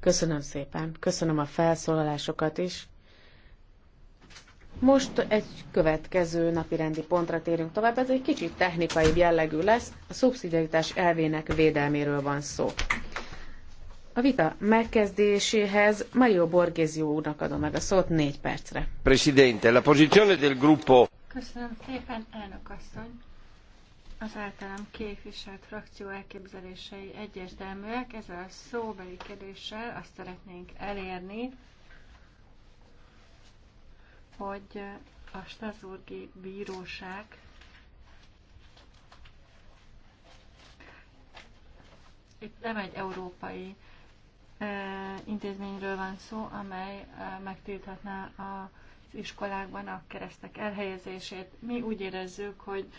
Köszönöm szépen, köszönöm a felszólalásokat is. Most egy következő napirendi pontra térünk tovább, ez egy kicsit technikai jellegű lesz, a szubszidiaritás elvének védelméről van szó. A vita megkezdéséhez Mario Borgézió úrnak adom meg a szót négy percre. Presidente, la posizione del gruppo... Köszönöm szépen, elnök asszony. Az általam képviselt frakció elképzelései egyértelműek. Ezzel a szóbeli kérdéssel azt szeretnénk elérni, hogy a Strasburgi Bíróság itt nem egy európai intézményről van szó, amely megtilthatná az iskolákban a keresztek elhelyezését. Mi úgy érezzük, hogy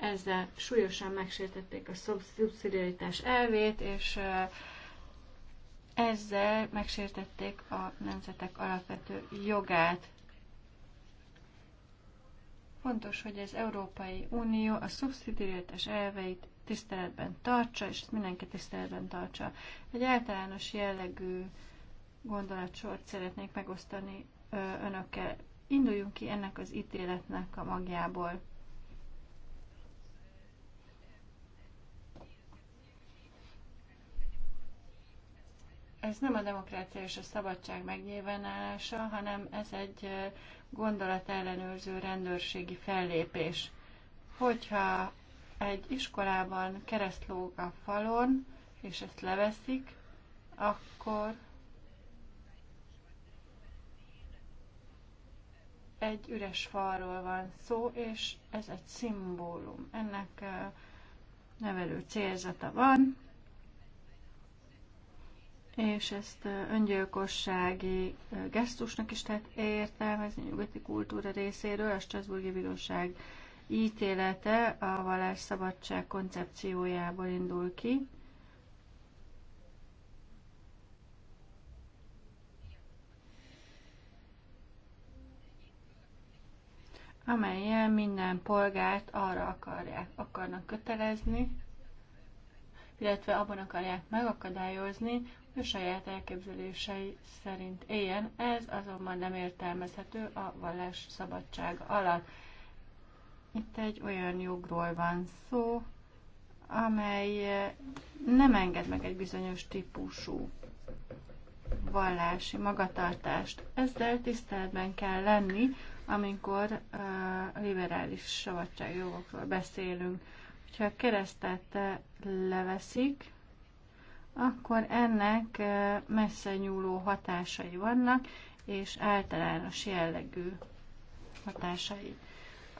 ezzel súlyosan megsértették a szubszidiaritás elvét, és ezzel megsértették a nemzetek alapvető jogát. Fontos, hogy az Európai Unió a szubszidiaritás elveit tiszteletben tartsa, és ezt mindenki tiszteletben tartsa. Egy általános jellegű gondolatsort szeretnék megosztani önökkel. Induljunk ki ennek az ítéletnek a magjából. ez nem a demokrácia és a szabadság megnyilvánulása, hanem ez egy gondolatellenőrző rendőrségi fellépés. Hogyha egy iskolában keresztlóg a falon, és ezt leveszik, akkor egy üres falról van szó, és ez egy szimbólum. Ennek nevelő célzata van, és ezt öngyilkossági gesztusnak is tehát értelmezni nyugati kultúra részéről. A Strasburgi Bíróság ítélete a vallásszabadság koncepciójából indul ki. amelyen minden polgárt arra akarják, akarnak kötelezni, illetve abban akarják megakadályozni, a saját elképzelései szerint éljen. Ez azonban nem értelmezhető a vallás szabadság alatt. Itt egy olyan jogról van szó, amely eh, nem enged meg egy bizonyos típusú vallási magatartást. Ezzel tiszteletben kell lenni, amikor a eh, liberális szabadságjogokról beszélünk. Hogyha a keresztet eh, leveszik, akkor ennek messze nyúló hatásai vannak, és általános jellegű hatásai.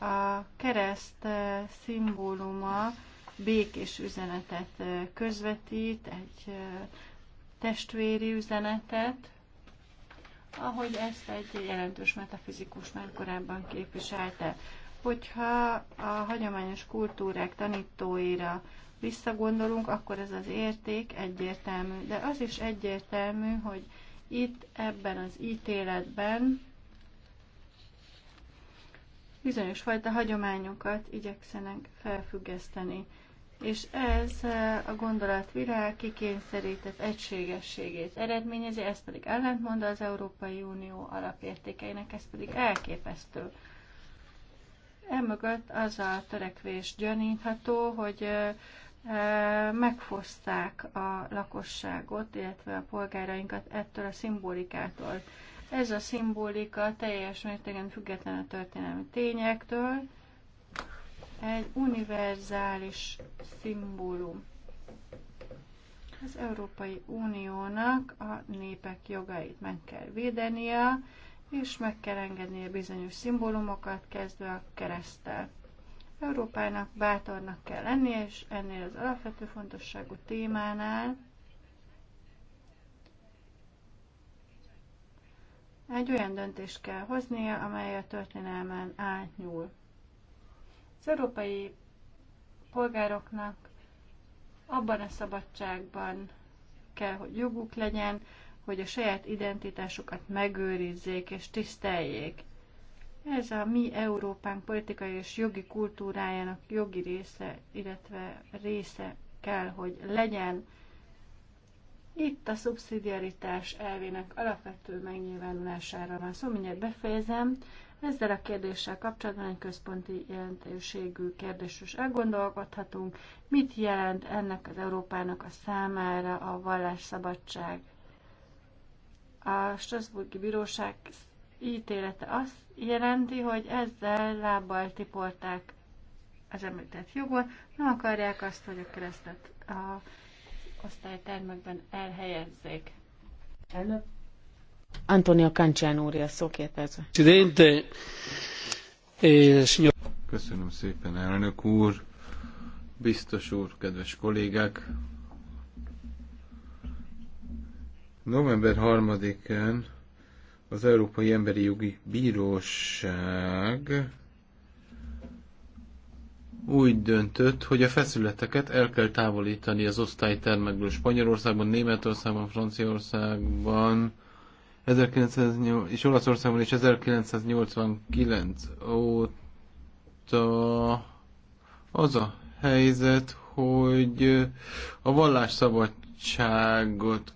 A kereszt szimbóluma békés üzenetet közvetít, egy testvéri üzenetet, ahogy ezt egy jelentős metafizikus már korábban képviselte. Hogyha a hagyományos kultúrák tanítóira visszagondolunk, akkor ez az érték egyértelmű. De az is egyértelmű, hogy itt ebben az ítéletben bizonyos fajta hagyományokat igyekszenek felfüggeszteni. És ez eh, a gondolatvilág kikényszerített egységességét eredményezi, ez pedig ellentmond az Európai Unió alapértékeinek, ez pedig elképesztő. Emögött az a törekvés gyanítható, hogy eh, megfoszták a lakosságot, illetve a polgárainkat ettől a szimbolikától. Ez a szimbolika teljes mértékben független a történelmi tényektől, egy univerzális szimbólum. Az Európai Uniónak a népek jogait meg kell védenie, és meg kell engednie bizonyos szimbólumokat, kezdve a keresztel. Európának bátornak kell lennie, és ennél az alapvető fontosságú témánál egy olyan döntést kell hoznia, amely a történelmen átnyúl. Az európai polgároknak abban a szabadságban kell, hogy joguk legyen, hogy a saját identitásukat megőrizzék és tiszteljék. Ez a mi Európánk politikai és jogi kultúrájának jogi része, illetve része kell, hogy legyen. Itt a szubszidiaritás elvének alapvető megnyilvánulására van szó, szóval mindjárt befejezem. Ezzel a kérdéssel kapcsolatban egy központi jelentőségű kérdésről is elgondolkodhatunk. Mit jelent ennek az Európának a számára a vallásszabadság? A Strasburgi Bíróság ítélete azt jelenti, hogy ezzel lábbal tiporták az említett jogon, nem akarják azt, hogy a keresztet a osztálytermekben elhelyezzék. Elnök. Antonio Cancian úr, a szó két eh, Köszönöm szépen, elnök úr, biztos úr, kedves kollégák. November 3-án az Európai Emberi Jogi Bíróság úgy döntött, hogy a feszületeket el kell távolítani az osztálytermekből Spanyolországban, Németországban, Franciaországban, 1908, és Olaszországban és 1989 óta az a helyzet, hogy a vallásszabadságot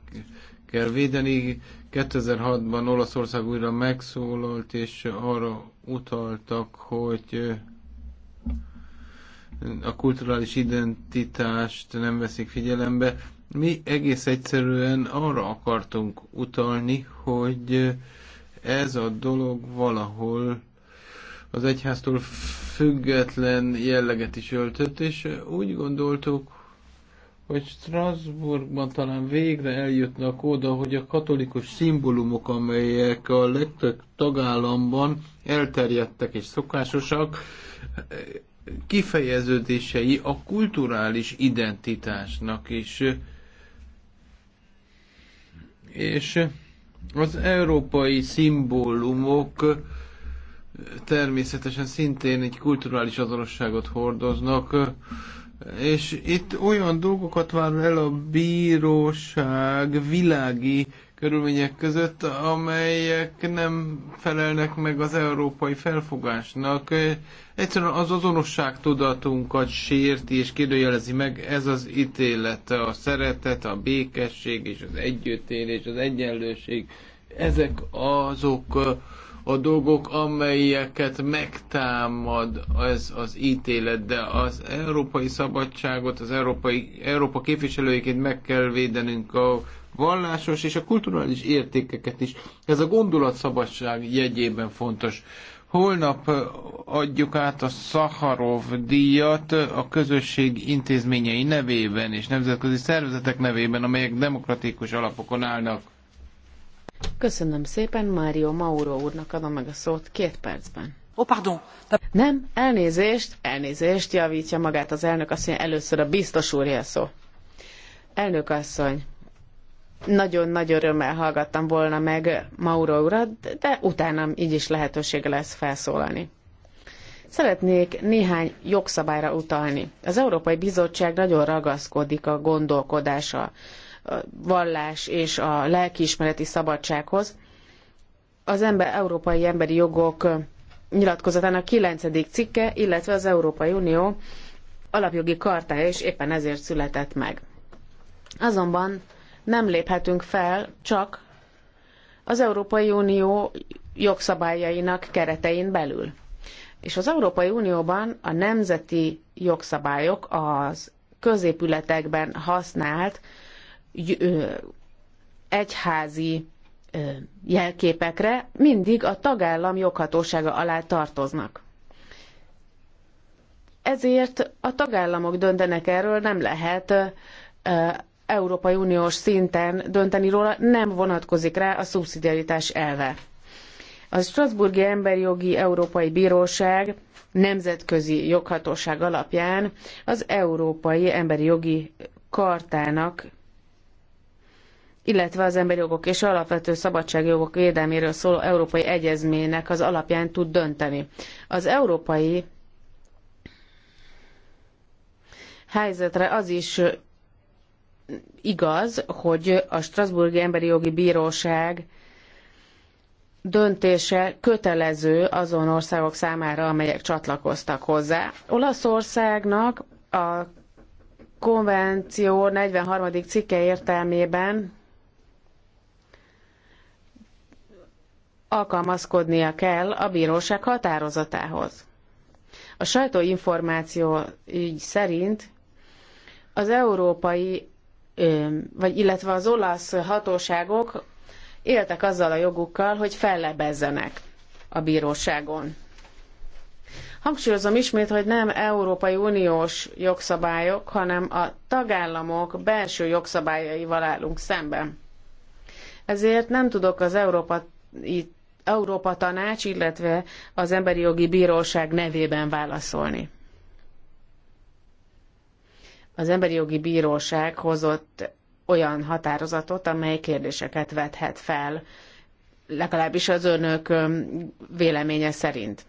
kell védeni. 2006-ban Olaszország újra megszólalt, és arra utaltak, hogy eh, a kulturális identitást nem veszik figyelembe. Mi egész egyszerűen arra akartunk utalni, hogy eh, ez a dolog valahol az egyháztól független jelleget is öltött, és eh, úgy gondoltuk, hogy Strasbourgban talán végre eljutnak oda, hogy a katolikus szimbólumok, amelyek a legtöbb tagállamban elterjedtek és szokásosak, kifejeződései a kulturális identitásnak is. És az európai szimbólumok természetesen szintén egy kulturális azonosságot hordoznak és itt olyan dolgokat vár el a bíróság világi körülmények között, amelyek nem felelnek meg az európai felfogásnak. Egyszerűen az azonosság tudatunkat sérti és kérdőjelezi meg ez az ítélet, a szeretet, a békesség és az együttélés, az egyenlőség. Ezek azok a dolgok, amelyeket megtámad ez az ítélet, de az európai szabadságot, az európai, Európa képviselőiként meg kell védenünk a vallásos és a kulturális értékeket is. Ez a gondolatszabadság jegyében fontos. Holnap adjuk át a Szaharov díjat a közösség intézményei nevében és nemzetközi szervezetek nevében, amelyek demokratikus alapokon állnak Köszönöm szépen, Mário Mauro úrnak adom meg a szót két percben. Oh, pardon. Nem, elnézést, elnézést, javítja magát az elnök asszony, először a biztos úr szó. Elnök asszony, nagyon nagy örömmel hallgattam volna meg Mauro urat, de utánam így is lehetősége lesz felszólalni. Szeretnék néhány jogszabályra utalni. Az Európai Bizottság nagyon ragaszkodik a gondolkodása vallás és a lelkiismereti szabadsághoz. Az ember, európai emberi jogok nyilatkozatának 9. cikke, illetve az Európai Unió alapjogi kartája is éppen ezért született meg. Azonban nem léphetünk fel csak az Európai Unió jogszabályainak keretein belül. És az Európai Unióban a nemzeti jogszabályok az középületekben használt egyházi jelképekre mindig a tagállam joghatósága alá tartoznak. Ezért a tagállamok döntenek erről, nem lehet Európai Uniós szinten dönteni róla, nem vonatkozik rá a szubszidiaritás elve. A Strasburgi Emberi Jogi Európai Bíróság nemzetközi joghatóság alapján az Európai Emberi Jogi Kartának illetve az emberi jogok és alapvető szabadságjogok védelméről szóló Európai Egyezménynek az alapján tud dönteni. Az európai helyzetre az is igaz, hogy a Strasburgi Emberi Jogi Bíróság döntése kötelező azon országok számára, amelyek csatlakoztak hozzá. Olaszországnak a konvenció 43. cikke értelmében alkalmazkodnia kell a bíróság határozatához. A sajtóinformáció információi szerint az európai, vagy illetve az olasz hatóságok éltek azzal a jogukkal, hogy fellebezzenek a bíróságon. Hangsúlyozom ismét, hogy nem Európai Uniós jogszabályok, hanem a tagállamok belső jogszabályaival állunk szemben. Ezért nem tudok az európai Európa Tanács, illetve az Emberi Jogi Bíróság nevében válaszolni. Az Emberi Jogi Bíróság hozott olyan határozatot, amely kérdéseket vethet fel, legalábbis az önök véleménye szerint.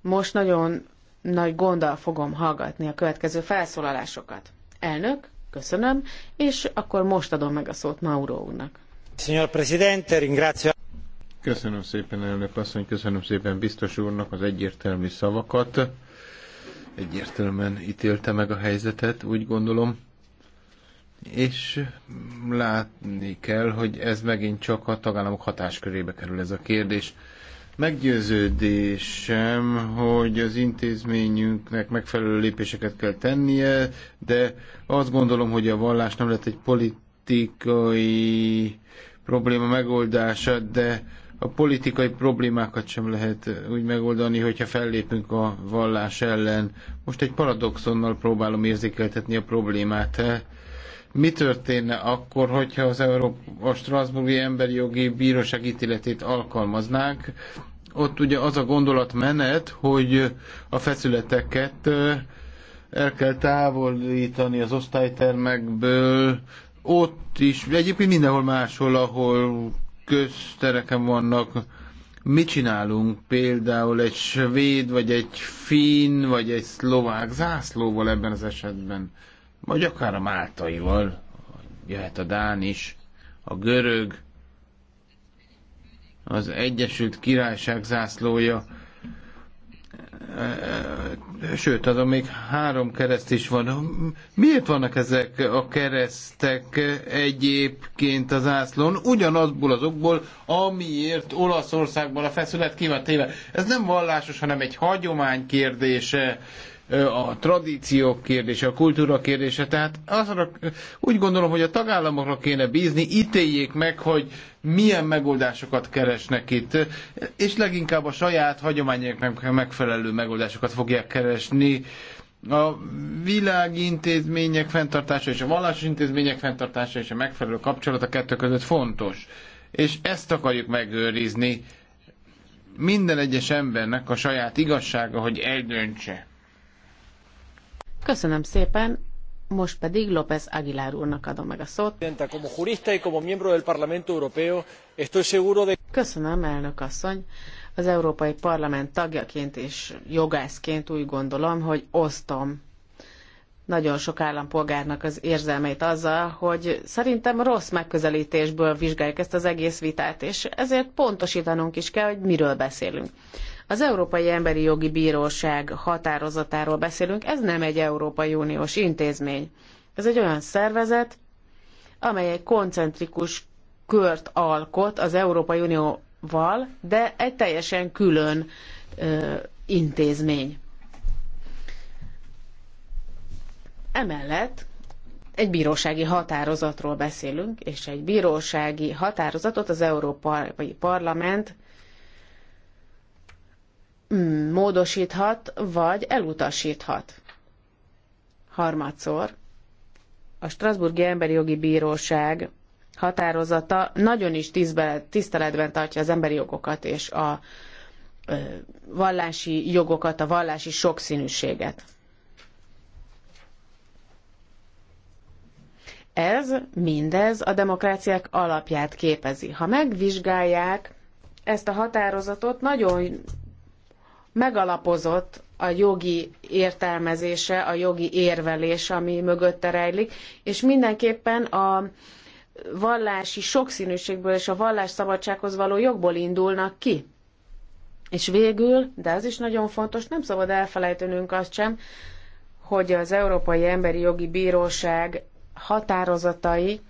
Most nagyon nagy gonddal fogom hallgatni a következő felszólalásokat. Elnök, köszönöm, és akkor most adom meg a szót Mauro úrnak. Signor Presidente, ringrazio Köszönöm szépen, elnök asszony, köszönöm szépen biztos úrnak az egyértelmű szavakat. Egyértelműen ítélte meg a helyzetet, úgy gondolom. És látni kell, hogy ez megint csak a tagállamok hatáskörébe kerül ez a kérdés. Meggyőződésem, hogy az intézményünknek megfelelő lépéseket kell tennie, de azt gondolom, hogy a vallás nem lett egy politikai probléma megoldása, de a politikai problémákat sem lehet úgy megoldani, hogyha fellépünk a vallás ellen. Most egy paradoxonnal próbálom érzékeltetni a problémát. Mi történne akkor, hogyha az Európa, a Strasburgi Emberi Jogi Bíróság ítéletét alkalmaznánk? Ott ugye az a gondolatmenet, hogy a feszületeket el kell távolítani az osztálytermekből, ott is, egyébként mindenhol máshol, ahol köztereken vannak. Mit csinálunk például egy svéd, vagy egy finn, vagy egy szlovák zászlóval ebben az esetben? Vagy akár a máltaival, jöhet a dán is, a görög, az Egyesült Királyság zászlója sőt, azon még három kereszt is van. Miért vannak ezek a keresztek egyébként az ászlón? Ugyanazból az okból, amiért Olaszországban a feszület ki Ez nem vallásos, hanem egy hagyomány kérdése a tradíciók kérdése, a kultúra kérdése, tehát azra, úgy gondolom, hogy a tagállamokra kéne bízni, ítéljék meg, hogy milyen megoldásokat keresnek itt, és leginkább a saját hagyományoknak megfelelő megoldásokat fogják keresni, a világintézmények fenntartása és a vallási intézmények fenntartása és a megfelelő kapcsolat a kettő között fontos. És ezt akarjuk megőrizni minden egyes embernek a saját igazsága, hogy eldöntse, Köszönöm szépen, most pedig López Aguilar úrnak adom meg a szót. Köszönöm, elnök asszony. Az Európai Parlament tagjaként és jogászként úgy gondolom, hogy osztom nagyon sok állampolgárnak az érzelmeit azzal, hogy szerintem rossz megközelítésből vizsgáljuk ezt az egész vitát, és ezért pontosítanunk is kell, hogy miről beszélünk. Az Európai Emberi Jogi Bíróság határozatáról beszélünk, ez nem egy Európai Uniós intézmény. Ez egy olyan szervezet, amely egy koncentrikus kört alkot az Európai Unióval, de egy teljesen külön ö, intézmény. Emellett egy bírósági határozatról beszélünk, és egy bírósági határozatot az Európai Parlament módosíthat, vagy elutasíthat. Harmadszor, a Strasburgi Emberi Jogi Bíróság határozata nagyon is tiszteletben tartja az emberi jogokat és a vallási jogokat, a vallási sokszínűséget. Ez mindez a demokráciák alapját képezi. Ha megvizsgálják ezt a határozatot, nagyon megalapozott a jogi értelmezése, a jogi érvelés, ami mögötte rejlik, és mindenképpen a vallási sokszínűségből és a vallásszabadsághoz való jogból indulnak ki. És végül, de ez is nagyon fontos, nem szabad elfelejtenünk azt sem, hogy az Európai Emberi Jogi Bíróság határozatai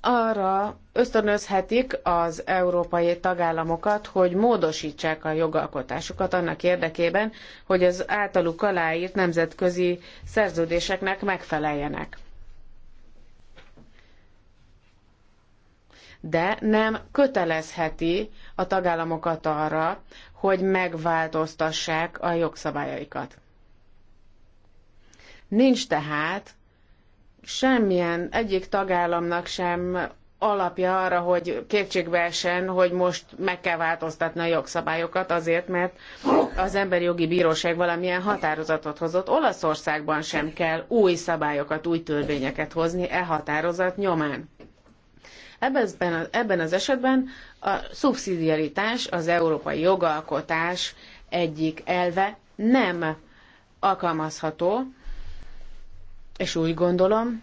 arra ösztönözhetik az európai tagállamokat, hogy módosítsák a jogalkotásukat annak érdekében, hogy az általuk aláírt nemzetközi szerződéseknek megfeleljenek. De nem kötelezheti a tagállamokat arra, hogy megváltoztassák a jogszabályaikat. Nincs tehát semmilyen egyik tagállamnak sem alapja arra, hogy kétségbeesen, hogy most meg kell változtatni a jogszabályokat azért, mert az emberi jogi bíróság valamilyen határozatot hozott. Olaszországban sem kell új szabályokat, új törvényeket hozni e határozat nyomán. Ebben az, ebben az esetben a szubszidiaritás, az európai jogalkotás egyik elve nem alkalmazható, és úgy gondolom,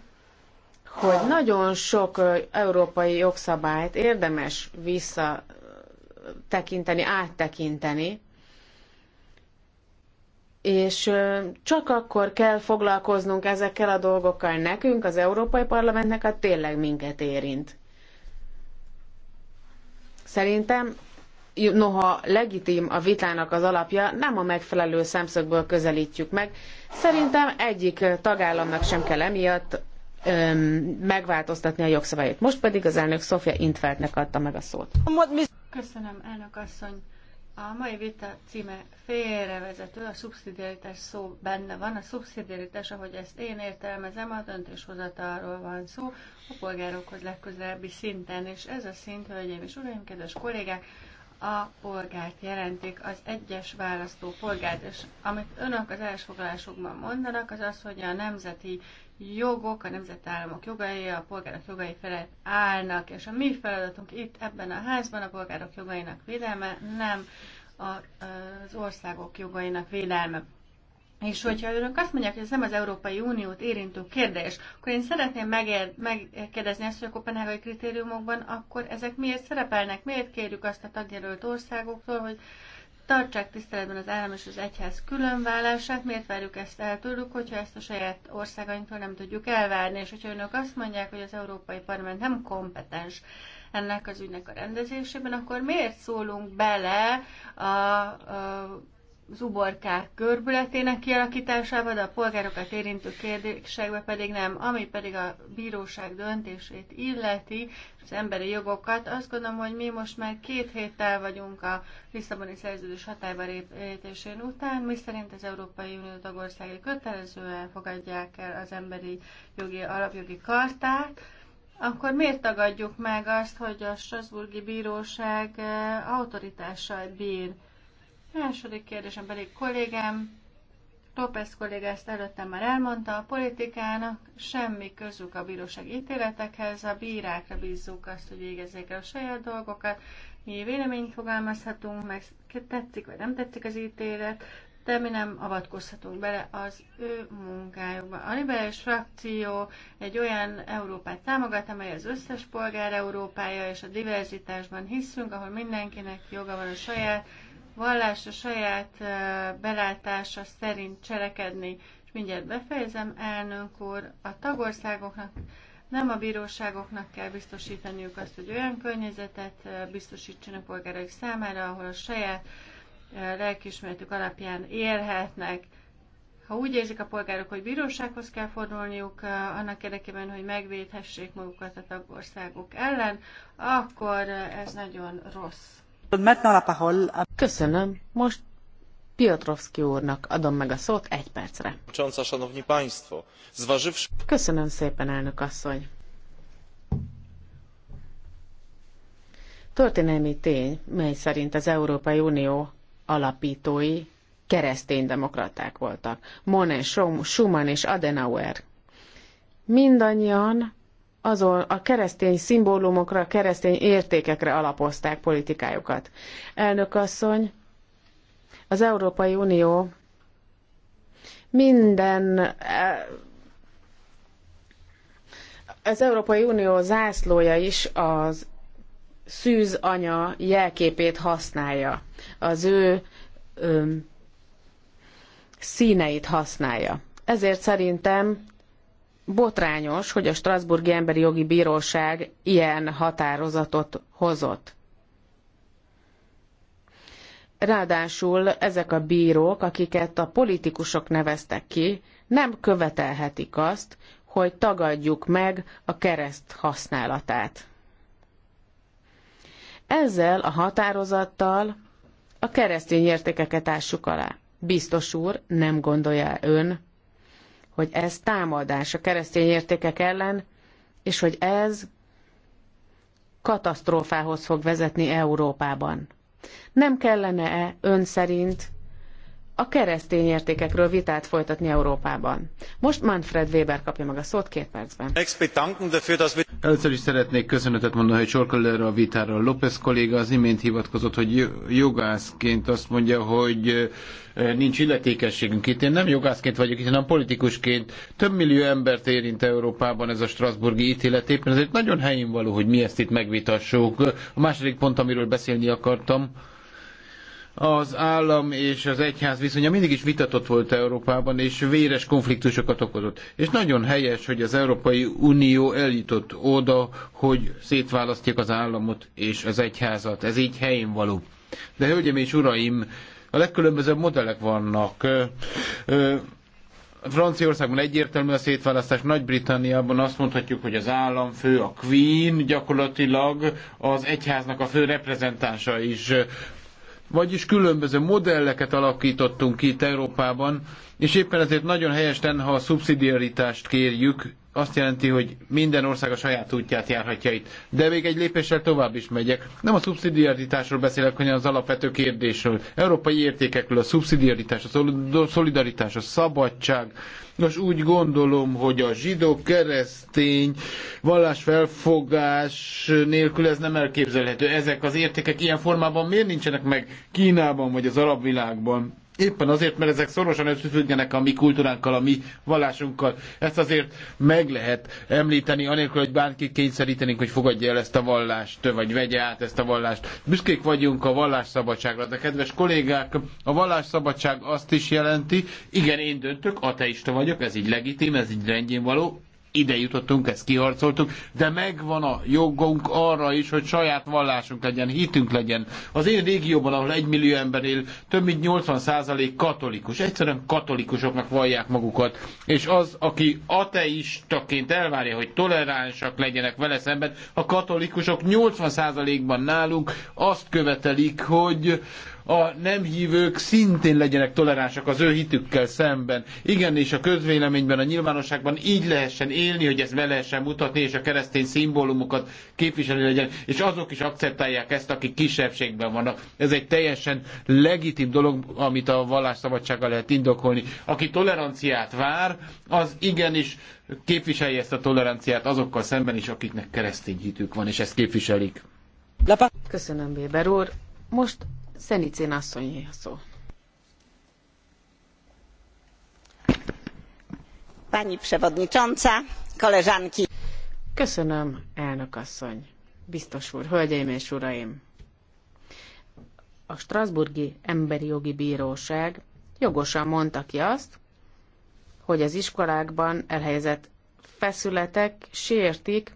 hogy nagyon sok európai jogszabályt érdemes visszatekinteni, áttekinteni, és csak akkor kell foglalkoznunk ezekkel a dolgokkal nekünk, az Európai Parlamentnek, a tényleg minket érint. Szerintem, noha legitim a vitának az alapja, nem a megfelelő szemszögből közelítjük meg. Szerintem egyik tagállamnak sem kell emiatt megváltoztatni a jogszabályt. Most pedig az elnök Sofia Intfeldnek adta meg a szót. Köszönöm, elnök asszony. A mai vita címe félrevezető, a szubszidiaritás szó benne van. A szubszidiaritás, ahogy ezt én értelmezem, a döntéshozatalról van szó, a polgárokhoz legközelebbi szinten, és ez a szint, hölgyeim és uraim, kedves kollégák, a polgárt jelentik, az egyes választó polgárt, és amit önök az elsfoglalásokban mondanak, az az, hogy a nemzeti jogok, a nemzetállamok jogai, a polgárok jogai felett állnak, és a mi feladatunk itt ebben a házban a polgárok jogainak védelme, nem az országok jogainak védelme. És hogyha önök azt mondják, hogy ez nem az Európai Uniót érintő kérdés, akkor én szeretném megkérdezni azt, hogy a kopenhágai kritériumokban akkor ezek miért szerepelnek, miért kérjük azt a tagjelölt országoktól, hogy tartsák tiszteletben az állam és az egyház különvállását, miért várjuk ezt el tőlük, hogyha ezt a saját országainktól nem tudjuk elvárni, és hogyha önök azt mondják, hogy az Európai Parlament nem kompetens ennek az ügynek a rendezésében, akkor miért szólunk bele a, a az uborkák görbületének kialakításába, de a polgárokat érintő kérdésekbe pedig nem. Ami pedig a bíróság döntését illeti, és az emberi jogokat, azt gondolom, hogy mi most már két héttel vagyunk a Lisszaboni szerződés hatályba lépésén után, miszerint az Európai Unió tagországai kötelezően fogadják el az emberi jogi alapjogi kartát, akkor miért tagadjuk meg azt, hogy a Strasburgi Bíróság eh, autoritással bír? Második kérdésem pedig kollégám, López kollégám ezt előttem már elmondta, a politikának semmi közük a bíróság ítéletekhez, a bírákra bízzuk azt, hogy végezzék el a saját dolgokat, mi véleményt fogalmazhatunk, meg tetszik vagy nem tetszik az ítélet, de mi nem avatkozhatunk bele az ő munkájukba. A liberális frakció egy olyan Európát támogat, amely az összes polgár Európája és a diverzitásban hiszünk, ahol mindenkinek joga van a saját a saját belátása szerint cselekedni. És mindjárt befejezem, elnök úr, a tagországoknak, nem a bíróságoknak kell biztosítaniuk azt, hogy olyan környezetet biztosítsanak polgáraik számára, ahol a saját lelkiismeretük alapján élhetnek. Ha úgy érzik a polgárok, hogy bírósághoz kell fordulniuk annak érdekében, hogy megvédhessék magukat a tagországok ellen, akkor ez nagyon rossz. Köszönöm. Most úrnak adom meg a szót egy percre. Köszönöm szépen, elnök asszony. Történelmi tény, mely szerint az Európai Unió alapítói kereszténydemokraták voltak. monnet schuman és Adenauer. Mindannyian azon a keresztény szimbólumokra, keresztény értékekre alapozták politikájukat. Elnök asszony, az Európai Unió minden eh, az Európai Unió zászlója is az szűz anya jelképét használja, az ő öm, színeit használja. Ezért szerintem botrányos, hogy a Strasburgi Emberi Jogi Bíróság ilyen határozatot hozott. Ráadásul ezek a bírók, akiket a politikusok neveztek ki, nem követelhetik azt, hogy tagadjuk meg a kereszt használatát. Ezzel a határozattal a keresztény értékeket ássuk alá. Biztos úr, nem gondolja ön, hogy ez támadás a keresztény értékek ellen, és hogy ez katasztrófához fog vezetni Európában. Nem kellene-e ön szerint a keresztény értékekről vitát folytatni Európában. Most Manfred Weber kapja meg a szót két percben. Először is szeretnék köszönetet mondani, hogy sor kerül erre a vitára. López kolléga az imént hivatkozott, hogy jogászként azt mondja, hogy eh, nincs illetékességünk itt. Én nem jogászként vagyok itt, hanem politikusként. Több millió embert érint Európában ez a Strasburgi ítélet. Éppen ezért nagyon helyén való, hogy mi ezt itt megvitassuk. A második pont, amiről beszélni akartam, az állam és az egyház viszonya mindig is vitatott volt Európában, és véres konfliktusokat okozott. És nagyon helyes, hogy az Európai Unió eljutott oda, hogy szétválasztják az államot és az egyházat. Ez így helyén való. De hölgyeim és uraim, a legkülönbözőbb modellek vannak. Franciaországban egyértelmű a szétválasztás, Nagy-Britanniában azt mondhatjuk, hogy az államfő, a Queen gyakorlatilag az egyháznak a fő reprezentánsa is. Vagyis különböző modelleket alakítottunk ki itt Európában, és éppen ezért nagyon helyes lenne, ha a szubszidiaritást kérjük, azt jelenti, hogy minden ország a saját útját járhatja itt. De még egy lépéssel tovább is megyek. Nem a szubszidiaritásról beszélek, hanem az alapvető kérdésről. Európai értékekről a szubszidiaritás, a szolidaritás, a szabadság. Nos, úgy gondolom, hogy a zsidó keresztény felfogás nélkül ez nem elképzelhető. Ezek az értékek ilyen formában miért nincsenek meg Kínában vagy az arab világban? Éppen azért, mert ezek szorosan összefüggenek a mi kultúránkkal, a mi vallásunkkal. Ezt azért meg lehet említeni, anélkül, hogy bárki kényszerítenénk, hogy fogadja el ezt a vallást, vagy vegye át ezt a vallást. Büszkék vagyunk a vallásszabadságra, de kedves kollégák, a vallásszabadság azt is jelenti, igen, én döntök, ateista vagyok, ez így legitim, ez így rendjén való, ide jutottunk, ezt kiharcoltuk, de megvan a jogunk arra is, hogy saját vallásunk legyen, hitünk legyen. Az én régióban, ahol millió ember él, több mint 80% katolikus. Egyszerűen katolikusoknak vallják magukat. És az, aki ateistaként elvárja, hogy toleránsak legyenek vele szemben, a katolikusok 80%-ban nálunk azt követelik, hogy a nem hívők szintén legyenek toleránsak az ő hitükkel szemben. Igen, és a közvéleményben, a nyilvánosságban így lehessen élni, hogy ezt be lehessen mutatni, és a keresztény szimbólumokat képviselni legyen, és azok is akceptálják ezt, akik kisebbségben vannak. Ez egy teljesen legitim dolog, amit a vallásszabadsággal lehet indokolni. Aki toleranciát vár, az igenis képviselje ezt a toleranciát azokkal szemben is, akiknek keresztény hitük van, és ezt képviselik. Köszönöm, Béber úr. Most Szenicén asszonyé a szó. Pani przewodnicząca, koleżanki. Köszönöm, elnök asszony, biztos úr, hölgyeim és uraim. A Strasburgi Emberi Jogi Bíróság jogosan mondta ki azt, hogy az iskolákban elhelyezett feszületek sértik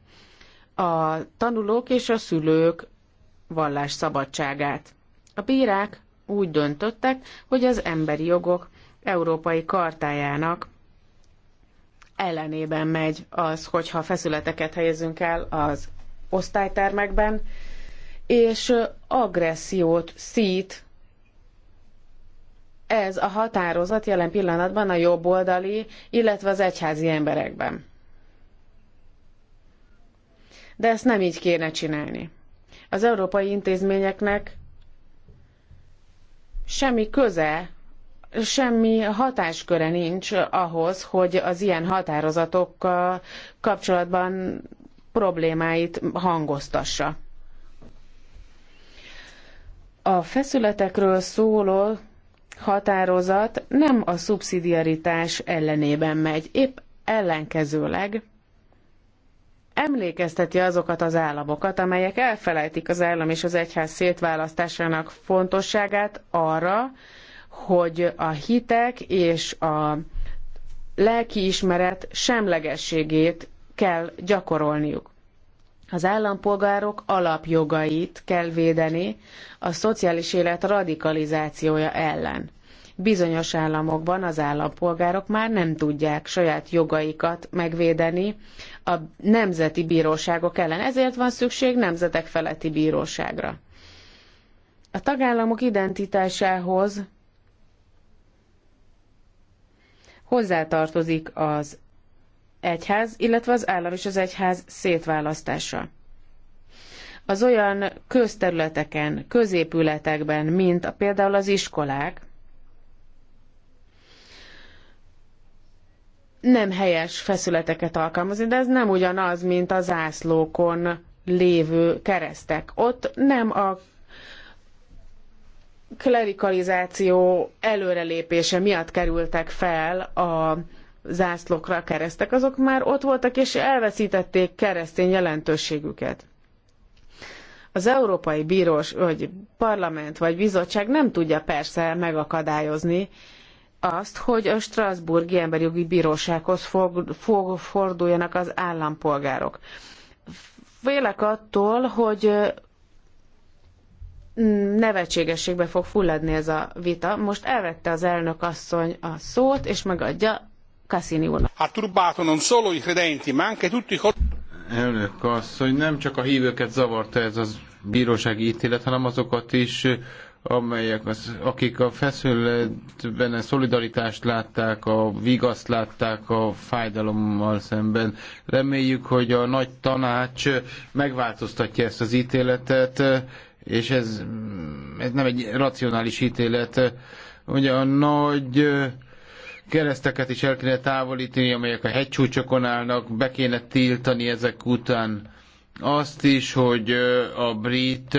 a tanulók és a szülők vallás szabadságát bírák úgy döntöttek, hogy az emberi jogok európai kartájának ellenében megy az, hogyha feszületeket helyezünk el az osztálytermekben, és agressziót szít ez a határozat jelen pillanatban a jobboldali, illetve az egyházi emberekben. De ezt nem így kéne csinálni. Az európai intézményeknek semmi köze, semmi hatásköre nincs ahhoz, hogy az ilyen határozatokkal kapcsolatban problémáit hangoztassa. A feszületekről szóló határozat nem a szubszidiaritás ellenében megy, épp ellenkezőleg emlékezteti azokat az államokat, amelyek elfelejtik az állam és az egyház szétválasztásának fontosságát arra, hogy a hitek és a lelkiismeret semlegességét kell gyakorolniuk. Az állampolgárok alapjogait kell védeni a szociális élet radikalizációja ellen. Bizonyos államokban az állampolgárok már nem tudják saját jogaikat megvédeni a nemzeti bíróságok ellen. Ezért van szükség nemzetek feletti bíróságra. A tagállamok identitásához hozzátartozik az egyház, illetve az állam és az egyház szétválasztása. Az olyan közterületeken, középületekben, mint a, például az iskolák, nem helyes feszületeket alkalmazni, de ez nem ugyanaz, mint az zászlókon lévő keresztek. Ott nem a klerikalizáció előrelépése miatt kerültek fel a zászlókra a keresztek, azok már ott voltak és elveszítették keresztény jelentőségüket. Az Európai Bírós, vagy Parlament, vagy Bizottság nem tudja persze megakadályozni, azt, hogy a Strasburgi Emberjogi Bírósághoz fog, fog, forduljanak az állampolgárok. Félek attól, hogy nevetségességbe fog fulladni ez a vita. Most elvette az elnök asszony a szót, és megadja Cassini úrnak. Elnök asszony, nem csak a hívőket zavarta ez a bírósági ítélet, hanem azokat is, amelyek az, akik a feszületben a szolidaritást látták, a vigaszt látták a fájdalommal szemben. Reméljük, hogy a nagy tanács megváltoztatja ezt az ítéletet, és ez, ez nem egy racionális ítélet. Ugye a nagy kereszteket is el kéne távolítani, amelyek a hegycsúcsokon állnak, be kéne tiltani ezek után azt is, hogy a brit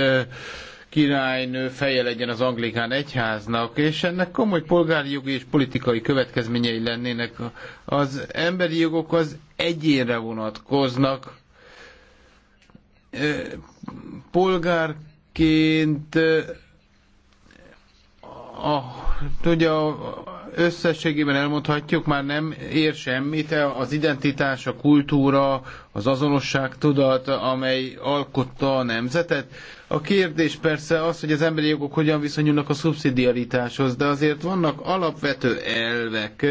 királynő feje legyen az anglikán egyháznak, és ennek komoly polgári jogi és politikai következményei lennének. Az emberi jogok az egyénre vonatkoznak. Polgárként a, tudja, összességében elmondhatjuk, már nem ér semmit az identitás, a kultúra, az azonosság tudat, amely alkotta a nemzetet a kérdés persze az, hogy az emberi jogok hogyan viszonyulnak a szubszidiaritáshoz, de azért vannak alapvető elvek,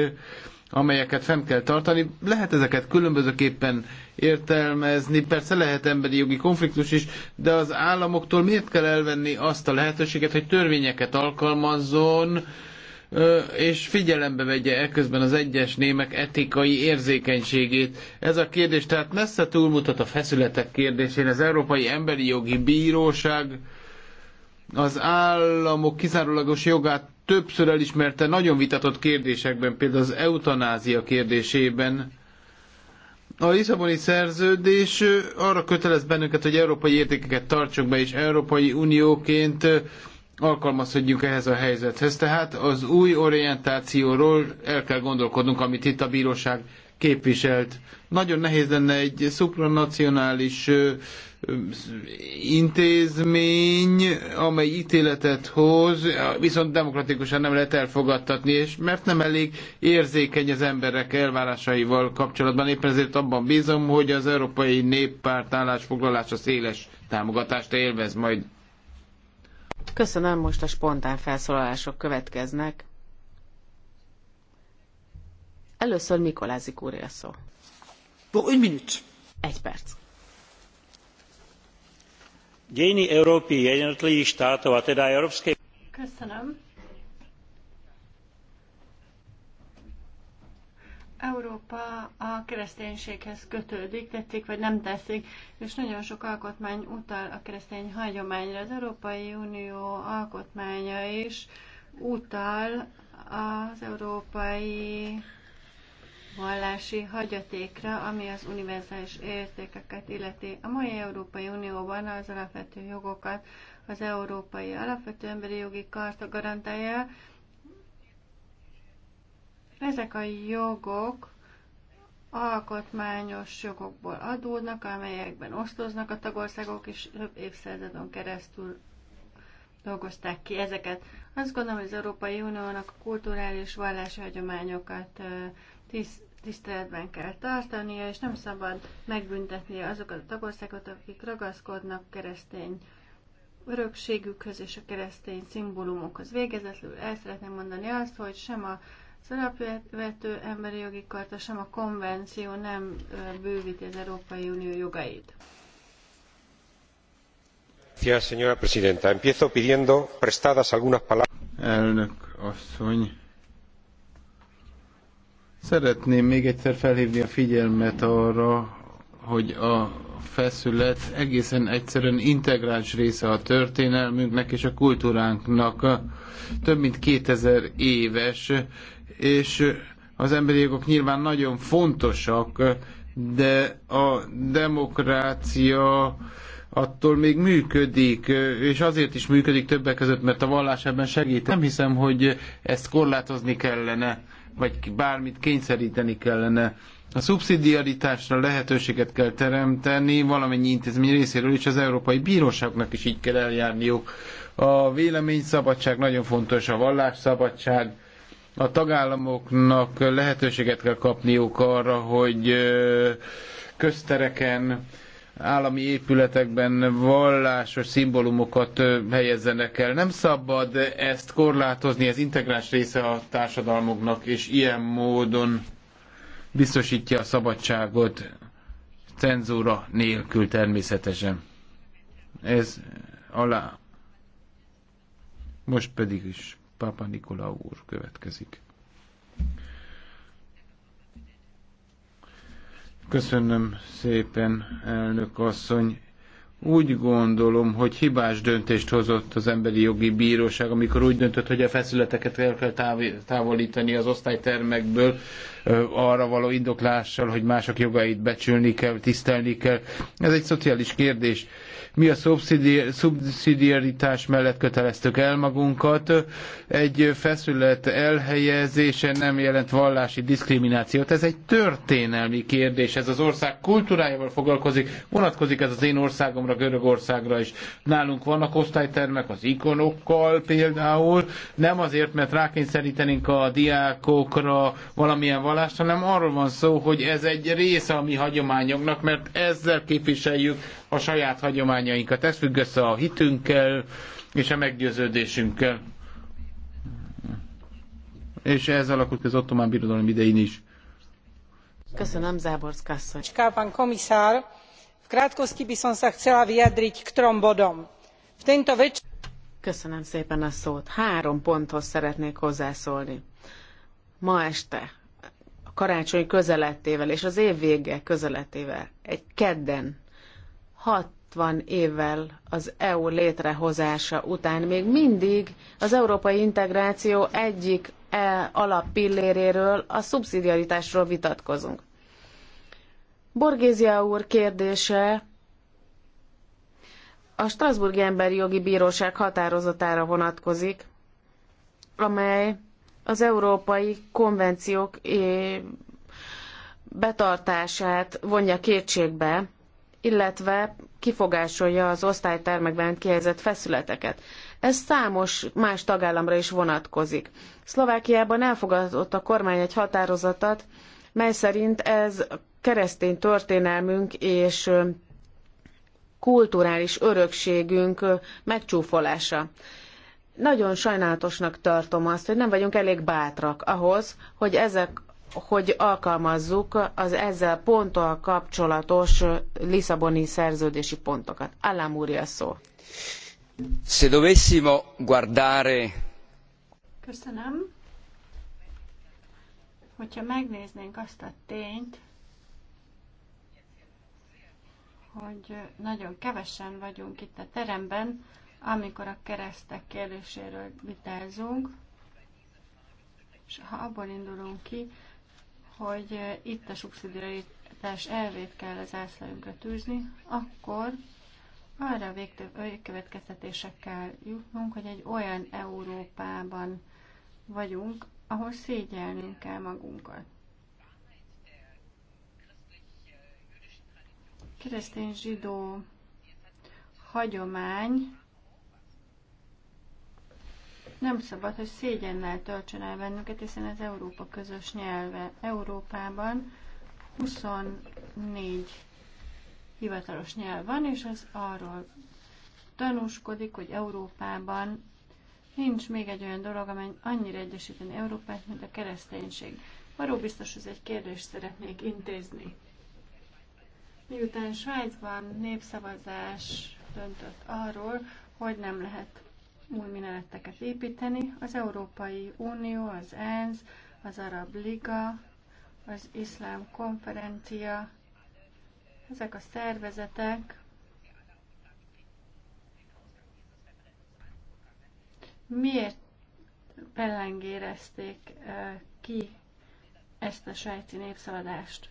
amelyeket fenn kell tartani. Lehet ezeket különbözőképpen értelmezni, persze lehet emberi jogi konfliktus is, de az államoktól miért kell elvenni azt a lehetőséget, hogy törvényeket alkalmazzon, és figyelembe vegye eközben az egyes némek etikai érzékenységét. Ez a kérdés tehát messze túlmutat a feszületek kérdésén. Az Európai Emberi Jogi Bíróság az államok kizárólagos jogát többször elismerte nagyon vitatott kérdésekben, például az eutanázia kérdésében. A Lisszaboni szerződés arra kötelez bennünket, hogy európai értékeket tartsunk be, és Európai Unióként alkalmazkodjunk ehhez a helyzethez. Tehát az új orientációról el kell gondolkodnunk, amit itt a bíróság képviselt. Nagyon nehéz lenne egy szupranacionális intézmény, amely ítéletet hoz, viszont demokratikusan nem lehet elfogadtatni, és mert nem elég érzékeny az emberek elvárásaival kapcsolatban. Éppen ezért abban bízom, hogy az Európai Néppárt állásfoglalása széles támogatást élvez majd. Köszönöm, most a spontán felszólalások következnek. Először Mikolázik úr szó. Pour une Egy perc. Dejiny Európy jednotlivých štátov, a teda Európskej... Köszönöm Európa a kereszténységhez kötődik, tetszik vagy nem tetszik, és nagyon sok alkotmány utal a keresztény hagyományra. Az Európai Unió alkotmánya is utal az európai vallási hagyatékra, ami az univerzális értékeket illeti. A mai Európai Unióban az alapvető jogokat az Európai Alapvető Emberi Jogi Karta garantálja, ezek a jogok alkotmányos jogokból adódnak, amelyekben osztoznak a tagországok, és több évszázadon keresztül dolgozták ki ezeket. Azt gondolom, hogy az Európai Uniónak a kulturális vallási hagyományokat tiszteletben kell tartania, és nem szabad megbüntetni azokat a tagországokat, akik ragaszkodnak keresztény örökségükhöz és a keresztény szimbólumokhoz. Végezetül el szeretném mondani azt, hogy sem a az alapvető emberi jogi karta sem a konvenció nem bővíti az Európai Unió jogait. Señora presidenta, empiezo pidiendo prestadas algunas palabras. Elnök asszony, szeretném még egyszer felhívni a figyelmet arra, hogy a feszület egészen egyszerűen integráns része a történelmünknek és a kultúránknak. Több mint 2000 éves és az emberi jogok nyilván nagyon fontosak, de a demokrácia attól még működik, és azért is működik többek között, mert a vallás ebben segít. Nem hiszem, hogy ezt korlátozni kellene, vagy bármit kényszeríteni kellene. A szubszidiaritásra lehetőséget kell teremteni valamennyi intézmény részéről, és az Európai Bíróságnak is így kell eljárniuk. A véleményszabadság nagyon fontos, a vallásszabadság, a tagállamoknak lehetőséget kell kapniuk arra, hogy köztereken, állami épületekben vallásos szimbólumokat helyezzenek el. Nem szabad ezt korlátozni, ez integráns része a társadalmoknak, és ilyen módon biztosítja a szabadságot cenzúra nélkül természetesen. Ez alá. Most pedig is. Papa Nikola úr következik. Köszönöm szépen, elnök asszony. Úgy gondolom, hogy hibás döntést hozott az Emberi Jogi Bíróság, amikor úgy döntött, hogy a feszületeket el kell távolítani az osztálytermekből, arra való indoklással, hogy mások jogait becsülni kell, tisztelni kell. Ez egy szociális kérdés mi a szubszidiaritás mellett köteleztük el magunkat. Egy feszület elhelyezése nem jelent vallási diszkriminációt. Ez egy történelmi kérdés. Ez az ország kultúrájával foglalkozik. Vonatkozik ez az én országomra, Görögországra is. Nálunk vannak osztálytermek az ikonokkal például. Nem azért, mert rákényszerítenénk a diákokra valamilyen vallást, hanem arról van szó, hogy ez egy része a mi hagyományoknak, mert ezzel képviseljük a saját hagyományainkat. Ez függ össze a hitünkkel és a meggyőződésünkkel. És ez alakult az ottomán birodalom idején is. Köszönöm, Záborsz kasszony. Pán komisár, v krátkosti by som sa chcela vyjadriť k trom bodom. V tento Köszönöm szépen a szót. Három ponthoz szeretnék hozzászólni. Ma este, a karácsony közelettével és az év vége közelettével, egy kedden 60 évvel az EU létrehozása után még mindig az európai integráció egyik e alappilléréről, a szubszidiaritásról vitatkozunk. Borgézia úr kérdése a Strasburgi Emberi Jogi Bíróság határozatára vonatkozik, amely az európai konvenciók betartását vonja kétségbe illetve kifogásolja az osztálytermekben kihelyezett feszületeket. Ez számos más tagállamra is vonatkozik. Szlovákiában elfogadott a kormány egy határozatot, mely szerint ez keresztény történelmünk és kulturális örökségünk megcsúfolása. Nagyon sajnálatosnak tartom azt, hogy nem vagyunk elég bátrak ahhoz, hogy ezek hogy alkalmazzuk az ezzel ponttal kapcsolatos Lisszaboni szerződési pontokat. Állám úr, a szó. Se dovessimo guardare... Köszönöm. Hogyha megnéznénk azt a tényt, hogy nagyon kevesen vagyunk itt a teremben, amikor a keresztek kérdéséről vitázunk, és ha abból indulunk ki, hogy itt a szubszidiaritás elvét kell az ászlajunkra tűzni, akkor arra a végkövetkeztetésekkel jutnunk, hogy egy olyan Európában vagyunk, ahol szégyelnünk kell magunkat. Keresztény zsidó hagyomány nem szabad, hogy szégyennel töltsön el bennünket, hiszen az Európa közös nyelve. Európában 24 hivatalos nyelv van, és az arról tanúskodik, hogy Európában nincs még egy olyan dolog, amely annyira egyesíteni Európát, mint a kereszténység. Arról biztos, hogy egy kérdést szeretnék intézni. Miután Svájcban népszavazás döntött arról, hogy nem lehet új mineleteket építeni. Az Európai Unió, az ENSZ, az Arab Liga, az Iszlám Konferencia, ezek a szervezetek miért pellengérezték eh, ki ezt a svájci népszavadást?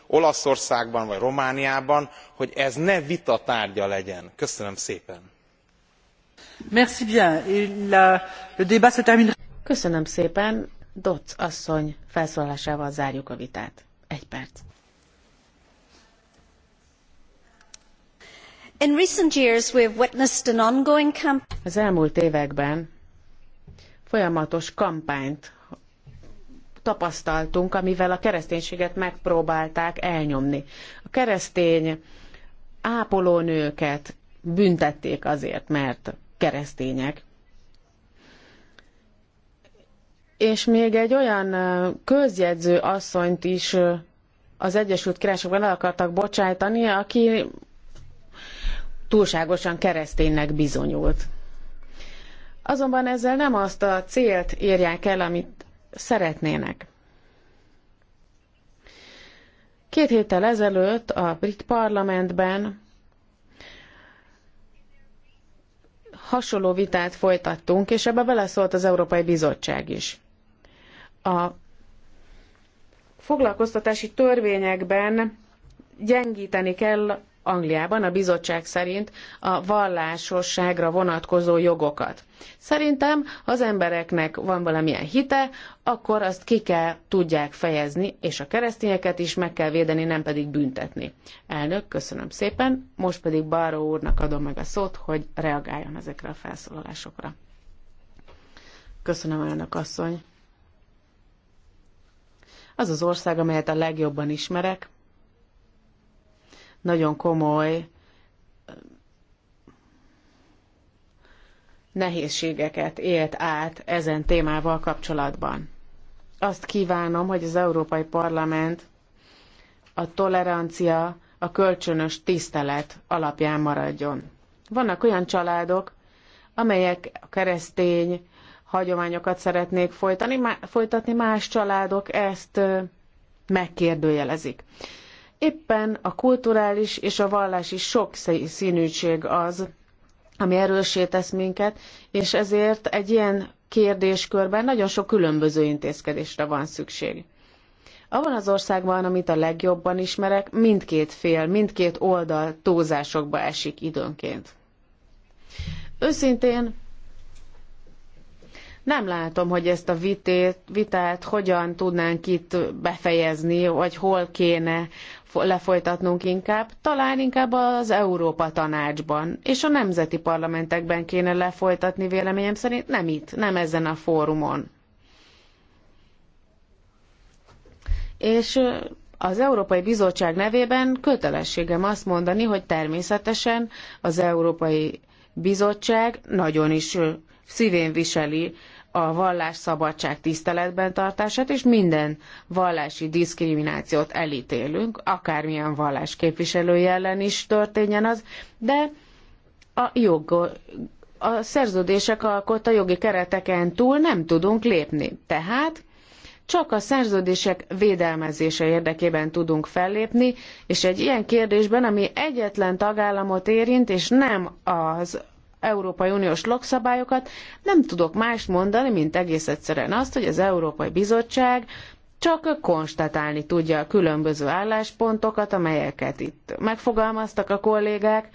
olaszországban vagy romániában hogy ez ne vita tárgya legyen. köszönöm szépen! Köszönöm szépen. Dotz asszony felszólásával zárjuk a vitát. Egy perc. In recent years we have witnessed an ongoing az elmúlt években folyamatos kampányt tapasztaltunk, amivel a kereszténységet megpróbálták elnyomni. A keresztény ápolónőket büntették azért, mert keresztények. És még egy olyan közjegyző asszonyt is az Egyesült Királyságban el akartak bocsájtani, aki túlságosan kereszténynek bizonyult. Azonban ezzel nem azt a célt érják el, amit szeretnének. Két héttel ezelőtt a brit parlamentben hasonló vitát folytattunk, és ebbe beleszólt az Európai Bizottság is. A foglalkoztatási törvényekben gyengíteni kell Angliában a bizottság szerint a vallásosságra vonatkozó jogokat. Szerintem, ha az embereknek van valamilyen hite, akkor azt ki kell tudják fejezni, és a keresztényeket is meg kell védeni, nem pedig büntetni. Elnök, köszönöm szépen, most pedig Baró úrnak adom meg a szót, hogy reagáljon ezekre a felszólalásokra. Köszönöm, elnök asszony. Az az ország, amelyet a legjobban ismerek, nagyon komoly nehézségeket élt át ezen témával kapcsolatban. Azt kívánom, hogy az Európai Parlament a tolerancia, a kölcsönös tisztelet alapján maradjon. Vannak olyan családok, amelyek a keresztény hagyományokat szeretnék folytani, má, folytatni, más családok ezt megkérdőjelezik. Éppen a kulturális és a vallási sok színűség az, ami erőssé tesz minket, és ezért egy ilyen kérdéskörben nagyon sok különböző intézkedésre van szükség. Abban az országban, amit a legjobban ismerek, mindkét fél, mindkét oldal túlzásokba esik időnként. Őszintén nem látom, hogy ezt a vitét, vitát hogyan tudnánk itt befejezni, vagy hol kéne lefolytatnunk inkább, talán inkább az Európa Tanácsban és a nemzeti parlamentekben kéne lefolytatni véleményem szerint, nem itt, nem ezen a fórumon. És az Európai Bizottság nevében kötelességem azt mondani, hogy természetesen az Európai Bizottság nagyon is szívén viseli a vallásszabadság tiszteletben tartását, és minden vallási diszkriminációt elítélünk, akármilyen vallás képviselője ellen is történjen az, de a jog, a szerződések alkotta jogi kereteken túl nem tudunk lépni. Tehát csak a szerződések védelmezése érdekében tudunk fellépni, és egy ilyen kérdésben, ami egyetlen tagállamot érint, és nem az Európai Uniós jogszabályokat, nem tudok mást mondani, mint egész egyszerűen azt, hogy az Európai Bizottság csak konstatálni tudja a különböző álláspontokat, amelyeket itt megfogalmaztak a kollégák,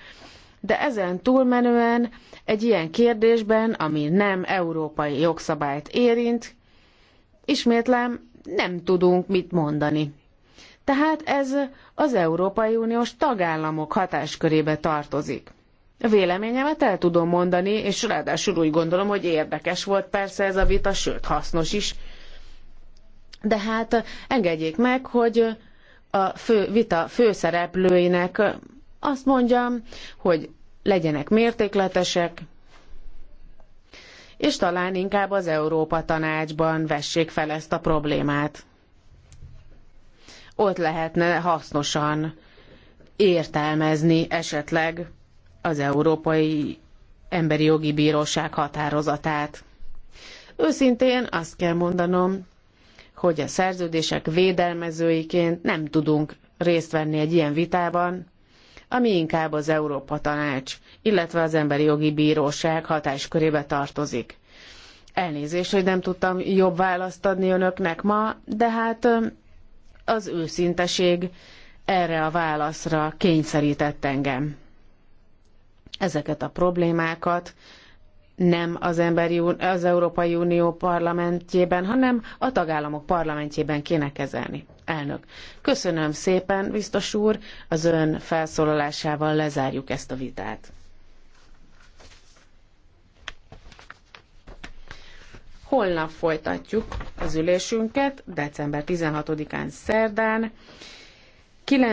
de ezen túlmenően egy ilyen kérdésben, ami nem európai jogszabályt érint, ismétlem, nem tudunk mit mondani. Tehát ez az Európai Uniós tagállamok hatáskörébe tartozik. A véleményemet el tudom mondani, és ráadásul úgy gondolom, hogy érdekes volt persze ez a vita, sőt hasznos is. De hát engedjék meg, hogy a fő vita főszereplőinek azt mondjam, hogy legyenek mértékletesek, és talán inkább az Európa Tanácsban vessék fel ezt a problémát. Ott lehetne hasznosan értelmezni esetleg az Európai Emberi Jogi Bíróság határozatát. Őszintén azt kell mondanom, hogy a szerződések védelmezőiként nem tudunk részt venni egy ilyen vitában, ami inkább az Európa Tanács, illetve az Emberi Jogi Bíróság hatáskörébe tartozik. Elnézést, hogy nem tudtam jobb választ adni önöknek ma, de hát az őszinteség erre a válaszra kényszerített engem ezeket a problémákat nem az, emberi, az Európai Unió parlamentjében, hanem a tagállamok parlamentjében kéne kezelni. Elnök, köszönöm szépen, biztos úr, az ön felszólalásával lezárjuk ezt a vitát. Holnap folytatjuk az ülésünket, december 16-án szerdán. 9